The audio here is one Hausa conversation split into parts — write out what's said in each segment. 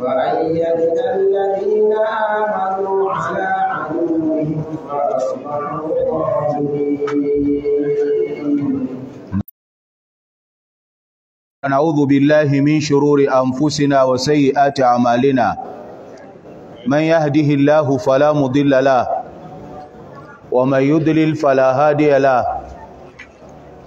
وأيدنا الذين آمنوا على عدوهم فأصبحوا نعوذ بالله من شرور أنفسنا وسيئات أعمالنا من يهده الله فلا مضل له ومن يضلل فلا هادي له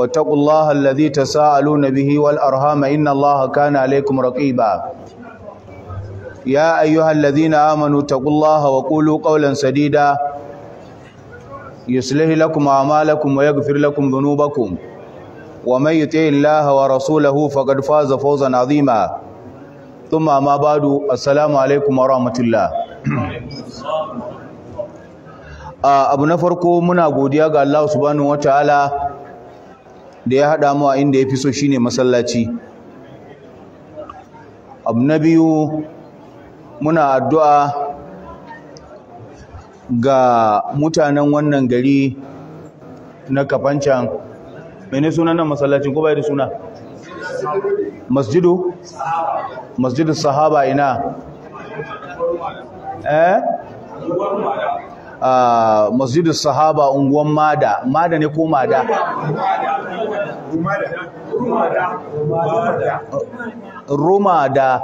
واتقوا الله الذي تساءلون به والأرهام إن الله كان عليكم رقيبا يا أيها الذين آمنوا اتقوا الله وقولوا قولا سديدا يصلح لكم أعمالكم ويغفر لكم ذنوبكم ومن يطع الله ورسوله فقد فاز فوزا عظيما ثم ما بعد السلام عليكم ورحمة الله abu na farko muna godiya ga Allah subhanahu wataala da ya haɗa mu a inda ya fi so shine masallaci abu na biyu muna addu'a ga mutanen wannan gari na kafancan mene sunan nan masallacin ko bai da suna masjidu masjidu sahaba ina eh Uh, ah, masjidus sahaba unguwan mada mada ne ko mada rumada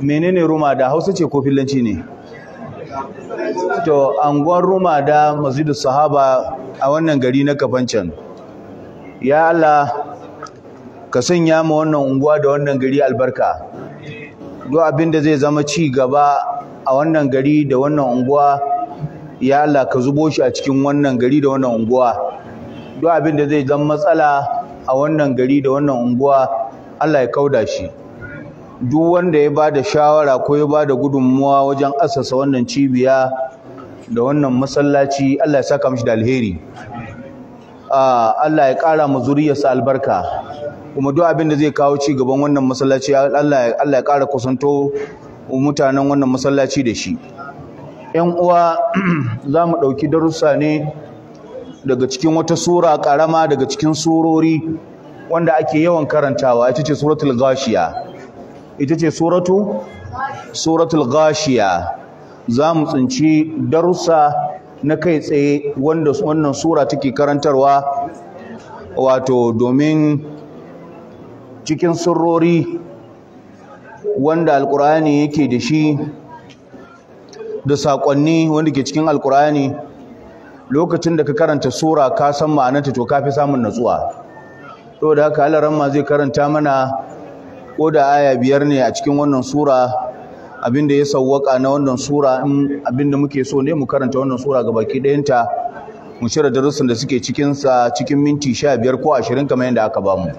menene rumada hausa ce ko filanci ne to anguwan rumada masjidu sahaba a wannan gari na kafancan ya Allah ka sanya mu wannan unguwa da wannan gari albarka duk abin da zai zama ci gaba a wannan gari da wannan unguwa ya Allah ka zubo shi a cikin wannan gari da wannan unguwa duk abin da zai zama matsala a wannan gari da wannan unguwa Allah ya kauda shi duk wanda ya ba da shawara ko ya ba da gudunmuwa wajen asasa wannan cibiya da wannan masallaci Allah ya saka mishi da alheri Allah ya ƙara mu zuriyarsa albarka kuma duk abin da zai kawo ci gaban wannan masallaci Allah ya ƙara kusanto mutanen wannan masallaci da shi ‘yan uwa za mu ɗauki darussa ne daga cikin wata sura ƙarama, daga cikin surori wanda ake yawan karantawa ita ce suratul ghashiya ita ce suratu suratul ghashiya za mu tsinci darussa na kai tsaye wanda wannan sura take karantarwa wato domin cikin surori wanda alkur'ani yake da shi da saƙonni wanda ke cikin alkur'ani lokacin da ka karanta sura ka san ma'anarta to kafi samun natsuwa to da haka Allah ranma zai karanta mana ko da aya biyar ne a cikin wannan sura abinda ya sawwaka na wannan sura in abinda muke so ne mu karanta wannan sura ga baki ɗayanta mu shirya darussan da suke cikin sa cikin minti 15 ko 20 kamar yadda aka ba mu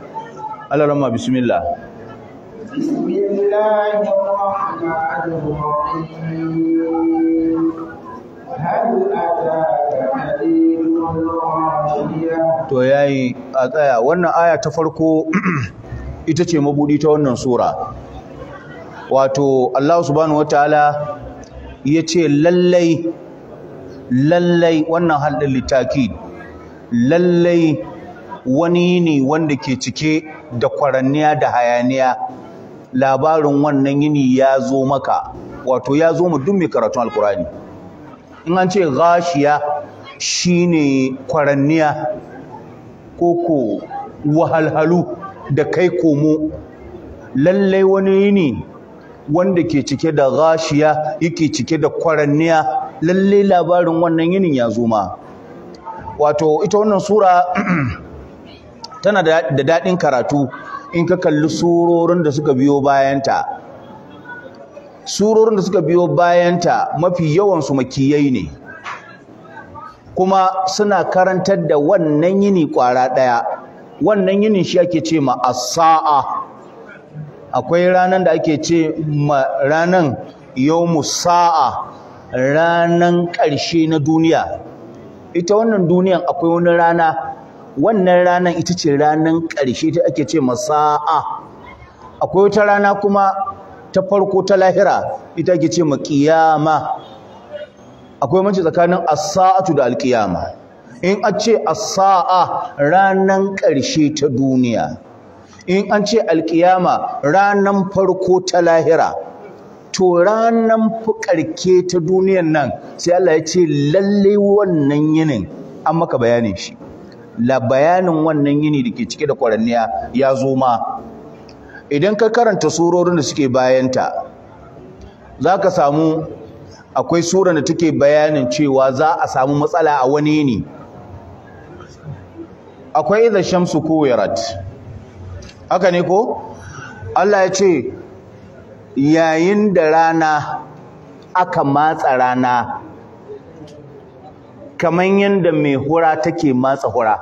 Allah ranma bismillah بسم الله الرحمن الرحيم to yayi a tsaya wannan aya ta farko ita ce mabudi ta wannan sura wato Allah subhanahu wataala yace lallai lallai wannan haddin litaki lallai wani ne wanda ke cike da kwaranniya da hayaniya labarin wannan yini ya zo maka wato ya zo mu duk mai karatun alkurani in an ce gashiya ne kwaranniya ko wahalhalu da kai komo lallai wani ne wanda ke cike da gashiya yake cike da kwaranniya lallai labarin wannan yinin ya zo ma wato ita wannan sura tana da daɗin karatu in ka kalli surorin da suka biyo bayanta surorin da suka biyo bayanta mafi yawansu makiyai ne kuma suna karantar da wannan yini kwara ɗaya wannan yinin shi ake ce ma asa'a akwai ranan da ake ce ma ranan yawmu sa'a ranan ƙarshe na duniya ita wannan duniyan akwai wani rana wannan ranan ita ce ranan ƙarshe ta ake ce ma sa'a akwai wata rana kuma ta farko ta lahira ita ke ce ma akwai manci tsakanin as-sa'atu da al in an ce as-sa'a ranan ƙarshe ta duniya in an ce al-qiyama ranan farko ta lahira to ranan fukarke ta duniyan nan sai Allah ya ce lalle wannan yinin an maka bayanin shi la bayanin wannan yini da ke cike da kwaranniya ya zo ma idan ka karanta surorin da suke bayanta za ka samu akwai surar da take bayanin cewa za a samu matsala a wani ne akwai idha shamsu kuwirat haka ne ko Allah ya ce yayin da rana aka matsa rana kamar yadda mai hura take matsa hura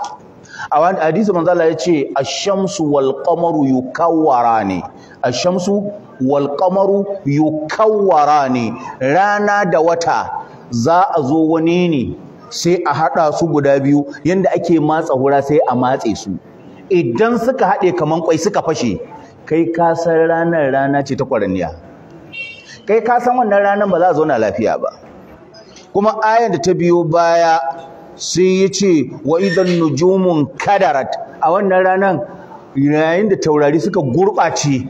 a wani hadisi manzo Allah ya ce ash-shamsu wal qamaru yukawwarani ash-shamsu wal qamaru yukawwarani rana da wata za a zo wani ne sai a haɗa su guda biyu yanda ake matsa hura sai a matse su idan suka haɗe kaman kwai suka fashe kai ka san ranar rana ce ta kwaranniya kai ka san wannan ranar ba za a zo na lafiya ba kuma ayan da ta biyo baya sai ya ce wa idan nujumun kadarat a wannan ranar yayin da taurari suka gurɓace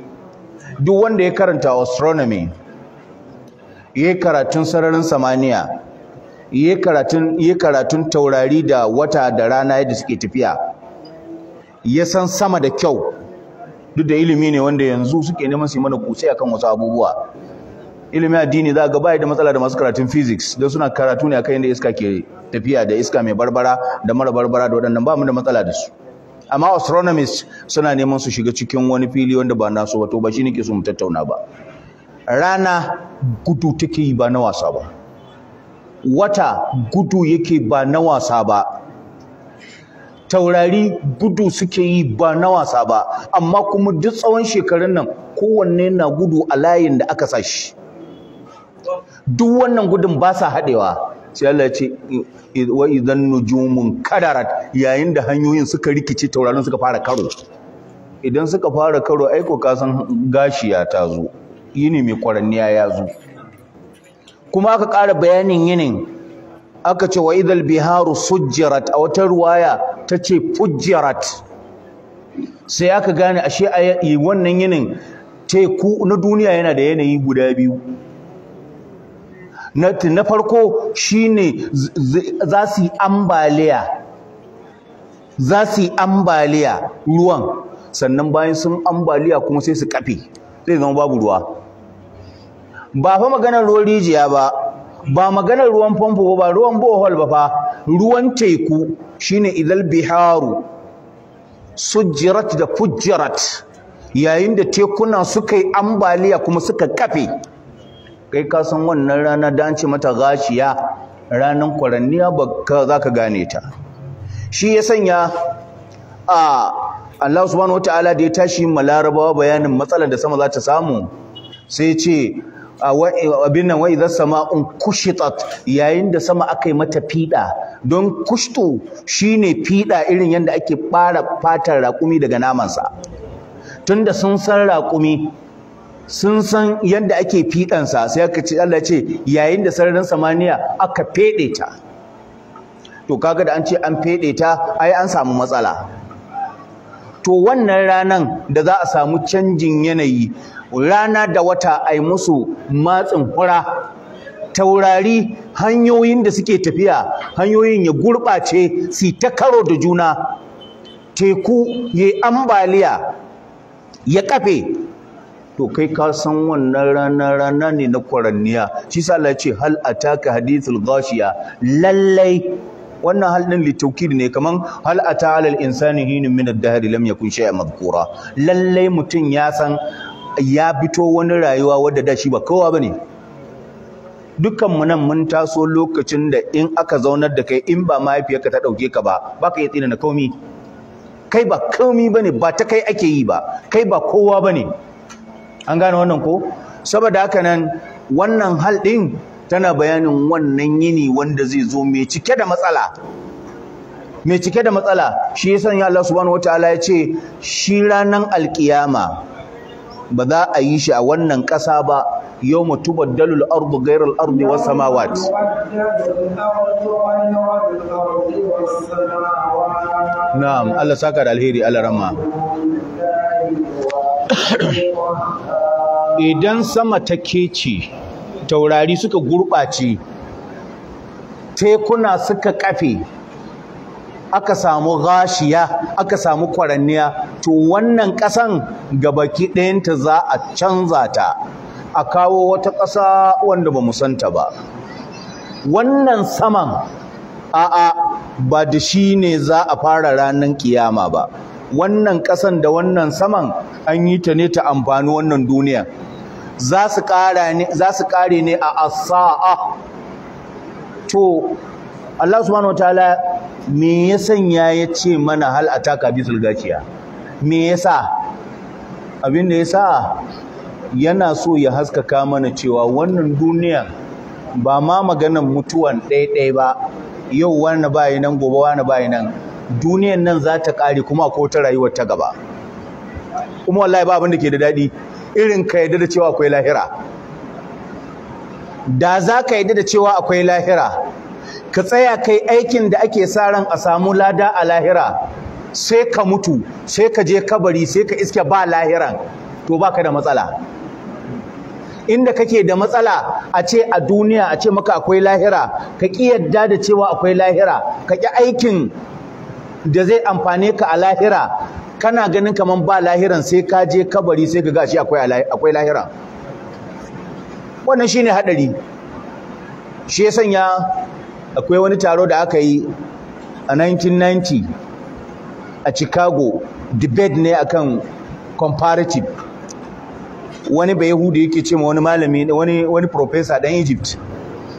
duk wanda ya karanta astronomy ya karatun sararin samaniya ya karatun karatun taurari da wata da rana yadda suke tafiya ya san sama da kyau duk da ilimi ne wanda yanzu suke neman su yi mana kutse akan wasu abubuwa ilimi addini za ga bai da matsala da masu karatun physics don suna karatu ne akan yadda iska ke tafiya da iska mai barbara da mara barbara da waɗannan ba mu da matsala da su amma astronomist suna neman su shiga cikin wani fili wanda ba nasu ba ba shi nake so mu tattauna ba rana gudu take ba na wasa ba wata gudu yake ba na wasa ba taurari gudu suke yi ba na wasa ba amma kuma duk tsawon shekarun nan kowanne na gudu a layin da aka sa shi duk wannan gudun ba sa haɗewa sai Allah ya ce wa idan nujumun kadarat yayin da hanyoyin suka rikice taurarin suka fara karo idan suka fara karo aiko ka san gashi ya tazo yini mai kwaranniya ya zo kuma aka ƙara bayanin yinin aka ce wa idal biharu sujjarat a wata ruwaya ta ce fujjarat sai aka gane ashe a wannan yinin teku na duniya yana da yanayi guda biyu na farko shine za su ambaliya za su yi ambaliya ruwan sannan bayan sun ambaliya kuma sai su kafe zai zama babu ruwa ba fa maganar ruwan rijiya ba ba maganar ruwan famfo ba ruwan bohol ba fa ruwan teku shine idal biharu sujjirat da fujjirat yayin da tekuna suka yi ambaliya kuma suka kafe kai ka san wannan rana da mata gashiya ranan kwaranniya ba ka za ka gane ta shi ya sanya a Allah subhanahu wataala da ya tashi ma larabawa bayanin matsalar da sama za ta samu sai ce abin nan wai zan sama un kushitat yayin da sama aka yi mata fiɗa don kushto shine fiɗa irin yadda ake ɓara fatar raƙumi daga namansa tunda sun san raƙumi sun san yadda ake fiɗansa sai aka ce Allah ce yayin da sararin samaniya aka feɗe ta to kaga da an ce an feɗe ta ai an samu matsala to wannan ranan da za a samu canjin yanayi rana da wata ai musu matsin hura taurari hanyoyin da suke tafiya hanyoyin ya gurɓace su ta karo da juna teku ya ambaliya ya kafe to kai ka san wannan rana rana ne na kwaranniya shi sa Allah ce hal ataka hadithul ghashiya lallai wannan hal din litaukid ne kaman hal ata alal insani hinun min ad-dahr lam yakun shay'a madhkura lallai mutun ya san ya bito wani rayuwa wadda da shi ba kowa bane dukkan mu nan mun taso lokacin da in aka zaunar da kai in ba mahaifiyarka ta dauke ka ba baka iya tsina na komi kai ba komi bane ba ta kai ake yi ba kai ba kowa bane an gane wannan ko saboda haka nan wannan hal din tana bayanin wannan yini wanda zai zo mai cike da matsala mai cike da matsala shi ya sanya Allah subhanahu wataala ya ce shi ranan alkiyama ba za a yi shi a wannan ƙasa ba yau tubaddalu al ardu gairar ardu wa samawat na'am Allah saka da alheri Allah rahma idan sama ta kece taurari suka gurɓace tekuna suka kafe aka samu gashiya aka samu kwaranniya to wannan ƙasan gabaki ɗayanta za a canza ta a kawo wata ƙasa wanda ba mu santa ba wannan saman a'a ba da shi ne za a fara ranar kiyama ba wannan ƙasan da wannan saman an yi ta ne ta amfani wannan duniya za su ƙare ne a asa'a to Allah subhanahu wataala me ya sanya ya ce mana hal taka bisul gaciya me sa? abin da ya sa yana so ya haskaka mana cewa wannan duniya ba ma maganan mutuwan ɗaiɗai ba yau wani bayi nan gobe wani bayi nan duniyan nan za ta ƙare kuma ko ta rayuwar ta gaba kuma wallahi ba abin da ke da daɗi irin ka yadda da cewa akwai lahira da za ka yadda da cewa akwai lahira ka tsaya kai aikin da ake sa ran a samu lada a lahira sai ka mutu sai ka je kabari sai ka iske ba lahiran to baka da matsala inda kake da matsala a ce a duniya a ce maka akwai lahira ka ƙi yadda da cewa akwai lahira ka ƙi aikin da zai amfane ka a lahira kana ganin kamar ba lahiran sai ka je kabari sai ka gashi akwai akwai lahira wannan shine hadari shi ya sanya akwai wani taro da aka yi a 1990 a Chicago debate ne akan comparative wani bai yahudi yake ce ma wani malami wani wani professor dan Egypt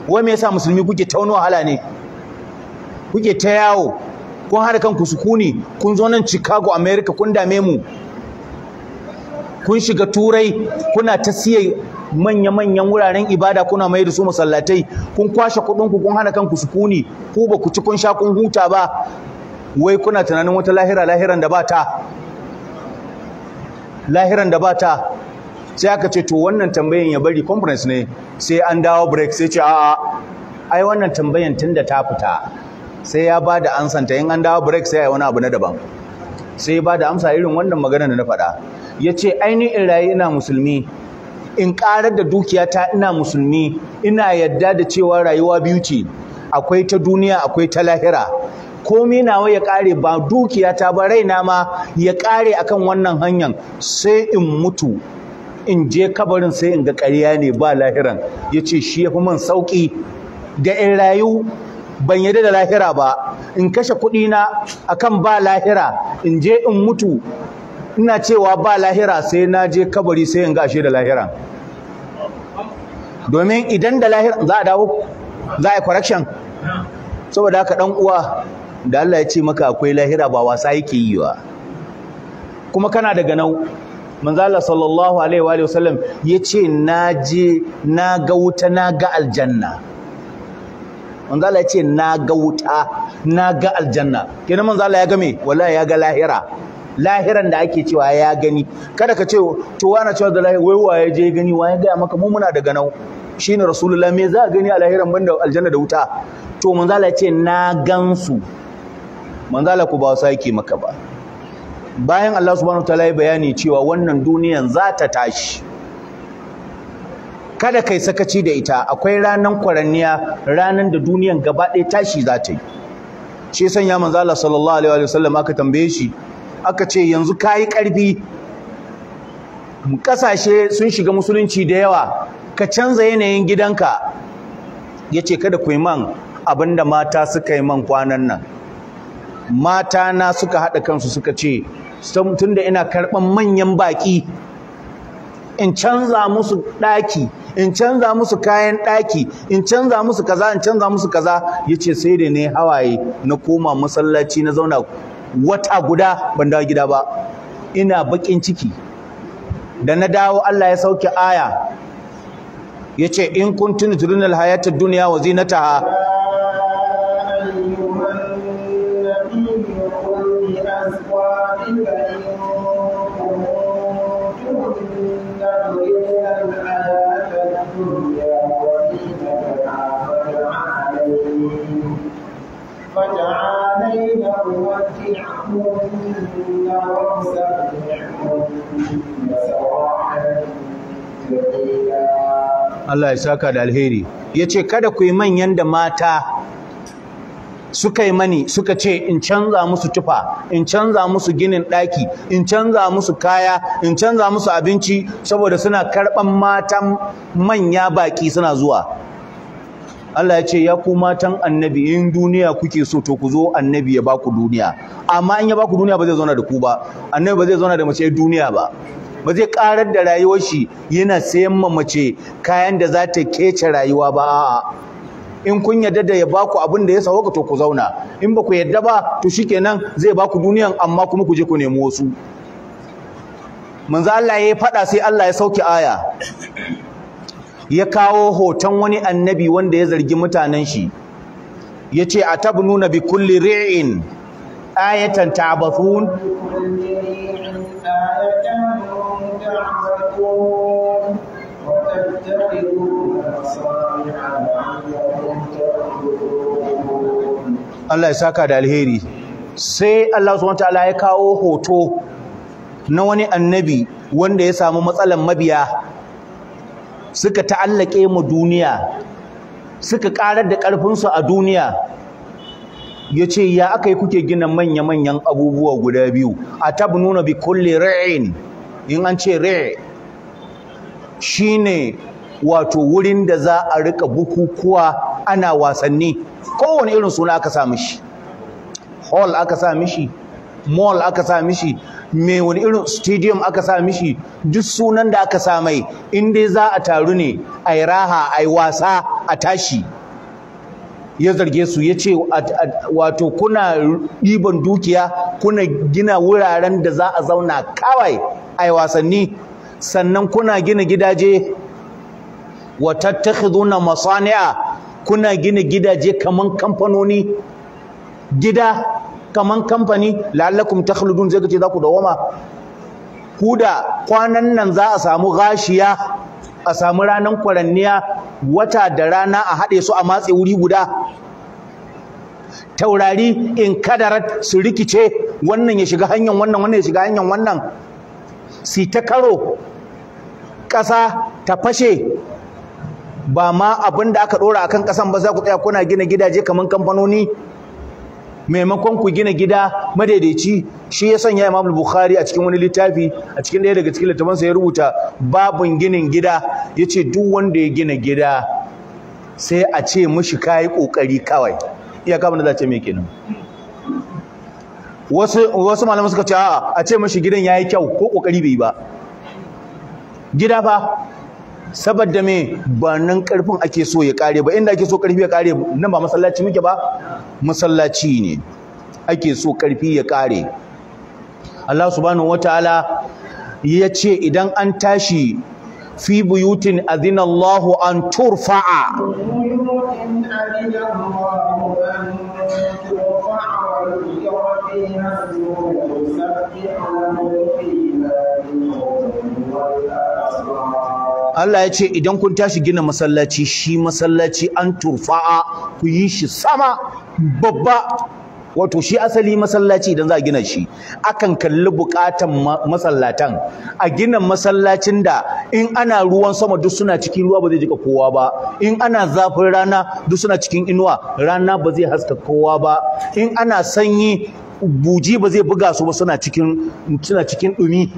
wai me yasa musulmi kuke ta wani wahala ne kuke ta yawo kun hada kanku su kuni kun zo nan Chicago America kun dame mu kun shiga turai kuna ta siye manya-manyan wuraren ibada kuna mai da su masallatai kun kwashe kuɗin ku kun hana kanku su kuni ku ba ku ci kun sha kun huta ba wai kuna tunanin wata lahira lahiran da ba ta lahiran da ba ta sai aka ce to wannan tambayan ya bari conference ne sai an dawo break sai ce a'a ai wannan tambayan tunda ta fita sai ya ba da ansanta in an dawo break sai ya yi wani abu na daban sai ya ba da amsa irin wannan magana da na faɗa ya ce ainihin rayu ina musulmi in ƙarar da dukiyata ina musulmi ina yadda da cewa rayuwa biyu ce akwai ta duniya akwai ta lahira komi nawa ya ƙare ba dukiyata ba raina ma ya ƙare akan wannan hanyar sai in mutu in je kabarin sai in ga ƙarya ne ba lahiran ya ce shi ya fi man sauƙi da in rayu ban yarda da lahira ba in kashe kuɗi na akan ba lahira in je in mutu ina cewa ba lahira sai na je kabari sai in gashe da lahira domin idan da lahira za a dawo za a yi correction saboda haka dan uwa da Allah ya ce maka akwai lahira ba wasa yake yi wa kuma kana daga nau manzo Allah sallallahu alaihi wa sallam yace na je na ga wuta na ga aljanna manzo Allah ya ce na ga wuta na ga aljanna kenan manzo Allah ya ga me wallahi ya ga lahira lahiran da ake cewa ya gani kada ka ce to wani cewa da lahira wai waye je gani wa? ya ga maka mu muna da ganau shine rasulullahi me za gani a lahiran banda aljanna da wuta to manzo Allah ya ce na gansu manzo Allah ku ba wasa yake maka ba bayan Allah subhanahu wataala ya bayani cewa wannan duniyan za ta tashi kada kai sakaci da ita akwai ranan kwaranniya ranan da duniyan gaba ɗaya tashi za ta yi shi san ya manzo Allah sallallahu alaihi wa sallam aka tambaye shi aka ce yanzu kayi karfi kasashe sun shiga musulunci da yawa ka canza yanayin gidanka yace kada ku yi man abinda mata suka yi man kwanan nan mata na suka haɗa kansu suka ce tunda ina karɓan manyan baƙi in canza musu ɗaki in canza musu kayan ɗaki in canza musu kaza in canza musu kaza yace sai da ne hawaye na koma masallaci na zauna wata guda ban dawo gida ba ina bakin ciki da na dawo Allah ya sauke aya yace in kuntun tudunal hayatid dunya wa zinataha Allah ya saka da alheri ya ce kada ku yi manyan da mata suka yi mani suka ce in canza musu tufa in canza musu ginin ɗaki in canza musu kaya in canza musu abinci saboda suna karɓan matan manya baƙi suna zuwa Allah ya ce ya ku matan annabi in duniya kuke so to ku zo annabi ya baku duniya amma in ya baku duniya ba zai zauna da ku ba annabi ba zai zauna da mace duniya ba ba zai karar da rayuwar shi yana sayan ma mace kayan da za ta kece rayuwa ba a'a in kun yarda da ya baku abin da ya sauka to ku zauna in ba ku yarda ba to shikenan zai baku duniyan amma kuma ku je ku nemi wasu manzo Allah ya faɗa sai Allah ya sauke aya ya kawo hoton wani annabi wanda ya zargi mutanen shi Ya ce, yace atabnuna bi kulli ri'in ayatan ta'bathun Allah ya saka da alheri sai Allah subhanahu ya kawo hoto na wani annabi wanda ya samu matsalan mabiya suka ta'allake mu duniya suka karar da ƙarfinsu a duniya ya ce ya aka yi kuke gina manya-manyan abubuwa guda biyu a nuna bi kulle ra'in in an ce shi shine wato wurin da za a rika bukukuwa ana wasanni kowane irin suna aka sa mishi hall aka sa mishi mall aka sa mishi me wani irin stadium aka sa mishi duk sunan da aka sa mai in dai za a taru ne a yi raha a yi wasa a tashi ya zarge su ya ce wato kuna ɗiban dukiya kuna gina wuraren da za a zauna kawai a yi wasanni sannan kuna gina gidaje wa na masani'a kuna gina gidaje kaman kamfanoni gida kaman kamfani la'allakum takhludun zai kace za ku dawama ku da kwanan nan za a samu gashiya a samu ranan kwaranniya wata da rana a haɗe su a matse wuri guda taurari in kadarat su rikice wannan ya shiga hanyar wannan wannan ya shiga hanyar wannan si ta karo ƙasa ta fashe ba ma abin da aka ɗora a kan ƙasan ba za ku tsaya kuna gina gidaje kamar kamfanoni maimakon ku gina gida madaidaici shi ya sanya Imam Bukhari a cikin wani littafi a cikin daya daga cikin sa ya rubuta babun ginin gida yace duk wanda ya gina gida sai a ce mishi kai kokari kawai iya ka bana za me kenan wasu wasu malamu suka ce a'a a ce mishi gidan yayi kyau ko kokari bai ba gida fa saboda me ba nan karfin ake so ya kare ba inda ake so karfi ya kare nan ba masallaci muke ba masallaci ne ake so karfi ya kare Allah subhanahu wataala ya ce idan an tashi fi buyutin Allah an turfa'a Thank Allah ya ce idan kun tashi gina masallaci shi masallaci an turfa'a ku yi shi sama babba wato shi asali masallaci idan za a gina shi akan kalli bukatan masallatan a gina masallacin da in ana ruwan sama duk suna cikin ruwa ba zai jika kowa ba in ana zafin rana duk suna cikin inuwa rana ba zai haska kowa ba in ana sanyi buji ba zai buga su ba suna cikin suna cikin dumi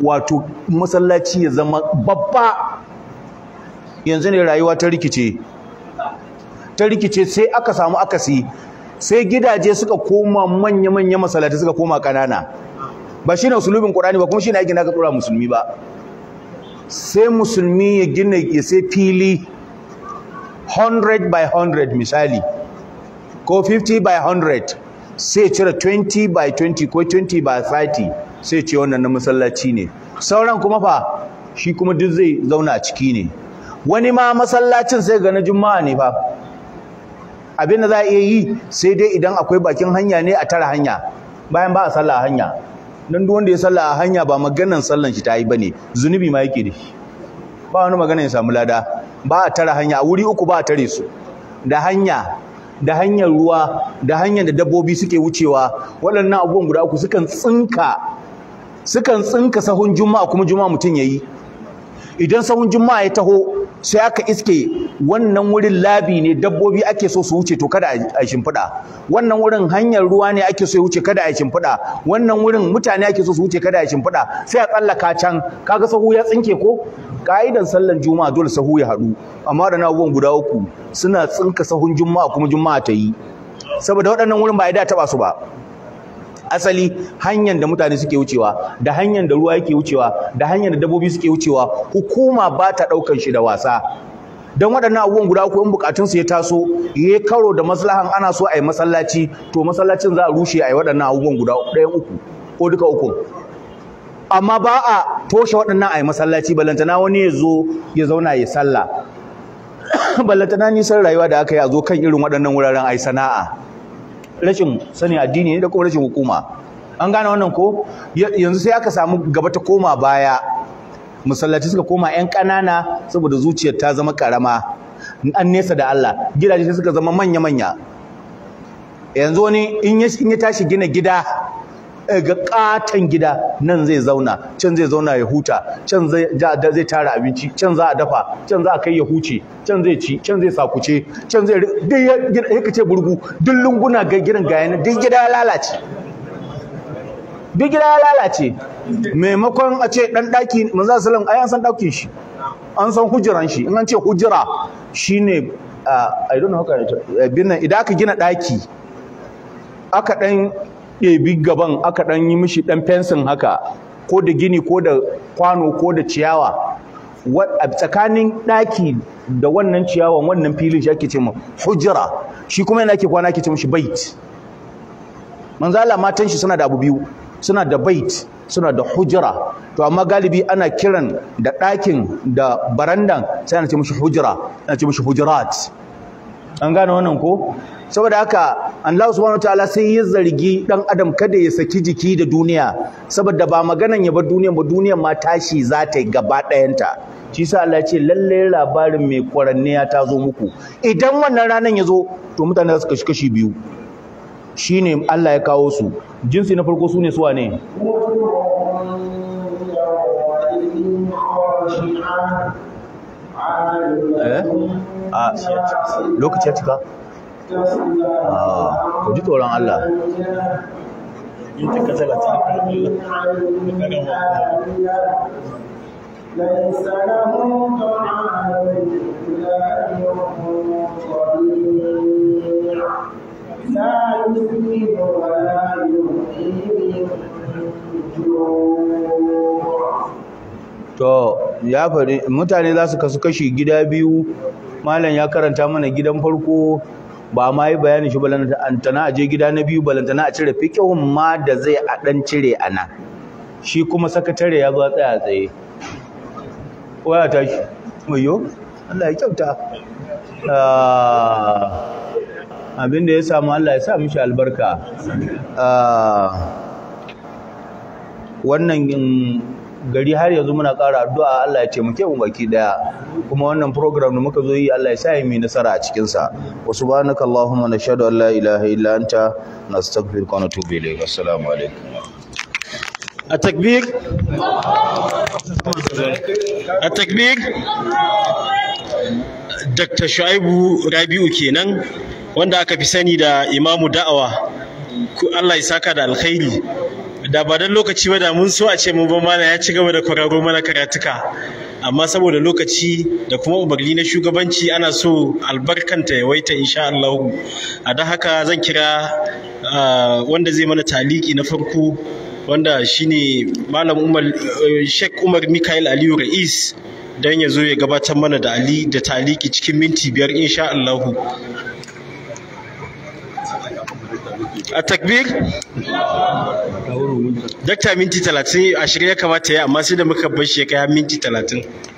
wato masallaci ya zama babba yanzu ne rayuwa ta rikice ta rikice sai aka samu akasi sai gidaje suka koma manya-manya masalati suka koma kanana ba shi shine usulubin Qur'ani ba kuma shi shine aikin da ka tsura musulmi ba sai musulmi ya gina ya sai fili 100 by 100 misali ko 50 by 100 sai cire 20 by 20 ko 20 by 30 sai ce wannan na masallaci ne sauran kuma fa shi kuma duk zai zauna a ciki ne wani ma masallacin sai ga na juma'a ne ba abin da za a iya yi sai dai idan akwai bakin hanya ne a tara hanya bayan ba a sallah hanya Nan duk wanda ya sallah hanya ba maganar sallan shi ta yi bane zunubi ma yake da shi ba wani magana ya samu lada ba a tara hanya a wuri uku ba a tare su da hanya da hanyar ruwa da hanyar da dabbobi suke wucewa waɗannan abubuwan guda uku sukan tsinka sukan tsinka sahun juma'a kuma juma'a mutum ya yi. idan sahun juma'a ya taho sai aka iske wannan wurin labi ne dabbobi ake so su wuce to kada a shimfiɗa wannan wurin hanyar ruwa ne ake so ya wuce kada a shimfiɗa wannan wurin mutane ake so su wuce kada a shimfiɗa sai a tsallaka can kaga sahu ya tsinke ko ka'idan sallan juma'a dole sahu ya haɗu amma da abubuwan guda uku suna tsinka sahun juma'a kuma juma'a ta yi saboda waɗannan wurin ba a da taɓa su ba asali hanyar da mutane suke wucewa da hanyar da ruwa yake wucewa da hanyar da dabbobi suke wucewa hukuma ba ta ɗaukan shi da wasa don waɗannan abubuwan guda uku in bukatun su ya taso ya karo da maslahan ana so a yi masallaci to masallacin za a rushe a yi waɗannan abubuwan guda ɗaya uku ko duka uku amma ba a toshe waɗannan a yi masallaci ballantana wani ya zo ya zauna ya sallah ballantana nisan rayuwa da aka yi a zo kan irin waɗannan wuraren a yi sana'a rashin sani addini ne da kuma rashin hukuma an gane wannan ko yanzu sai aka samu gaba ta koma baya Musallaci suka koma yan ƙanana saboda zuciyar ta zama ƙarama an nesa da Allah gidaje suka zama manya-manya yanzu wani in ya tashi gina gida Eh, ga katon gida nan zai zauna can zai zauna ya huta can zai tara abinci can za a dafa can za a kai ya huce can zai ci can zai sakuce can zai dai ya kace burgu duk lunguna ga gidan ga yana duk gida ya lalace duk gida ya lalace maimakon a ce dan daki manzo sallam ai an san daukin shi an san hujiran shi in an ce hujira shine ah, i don't know how to eh, binna idan aka gina daki aka dan bi gaban aka ɗan yi mishi ɗan fensin haka ko da gini ko da kwano ko da ciyawa tsakanin ɗaki da wannan ciyawan wannan filin shi ake ce mu shi kuma yana ake kwana ake ce bait Manzala matan shi suna da abu biyu suna da bait suna da hujra to amma galibi ana kiran da ɗakin da barandan sai ana ce mishi hujra ana ce mishi hujrat an gane wannan ko saboda haka Allah subhanahu wataala sai ya zargi dan adam kada ya saki jiki da duniya saboda ba maganan ya bar duniyan ba duniyan ma tashi za ta yi gaba ɗayanta shi yasa Allah ya ce lalle labarin mai kwaranniya ta zo muku idan wannan ranan ya zo to mutane za su kashi kashi biyu shine Allah ya kawo su jinsi na farko su ne eh ah, lokaci ya cika Ah, ku ji tsoron Allah To, ya fari, mutane za su kasu kashi gida biyu, Malam ya karanta mana gidan farko ba ma yi bayanin shi balantana a je gida na biyu balantana a cire kyau ma da zai a ɗan cire a nan shi kuma sakatare ya ba tsaya tsaye waya ta shi mayo Allah ya kyauta ah, abinda ya samu Allah ya sa mishi albarka ah, wannan gari har yanzu muna ƙara addu'a Allah ya ce mu baki daya kuma wannan program da muka zo yi Allah ya sa mu nasara a cikin sa wa subhanaka allahumma nashhadu an la ilaha illa anta nastaghfiruka wa natubu ilayk assalamu alaikum التكبير التكبير Dr. Shu'aibu Rabi'u kenan wanda aka fi sani da Imamu Da'awa Allah ya saka da alkhairi da ba dan lokaci ba da mun so a ce mun ban mana ya ci gaba da kwararo mana karatuka amma saboda lokaci da kuma umarni na shugabanci ana so albarkanta ya waita insha Allah a da haka zan kira wanda zai mana taliki na farko wanda shine malam Umar Sheikh Umar Mikael Aliyu Rais dan ya zo ya gabatar mana da ali da taliki cikin minti biyar insha Allah a takbir dakta minti talatin ashirin ya kamata ya amma sai da muka bar shi ya kai minti talatin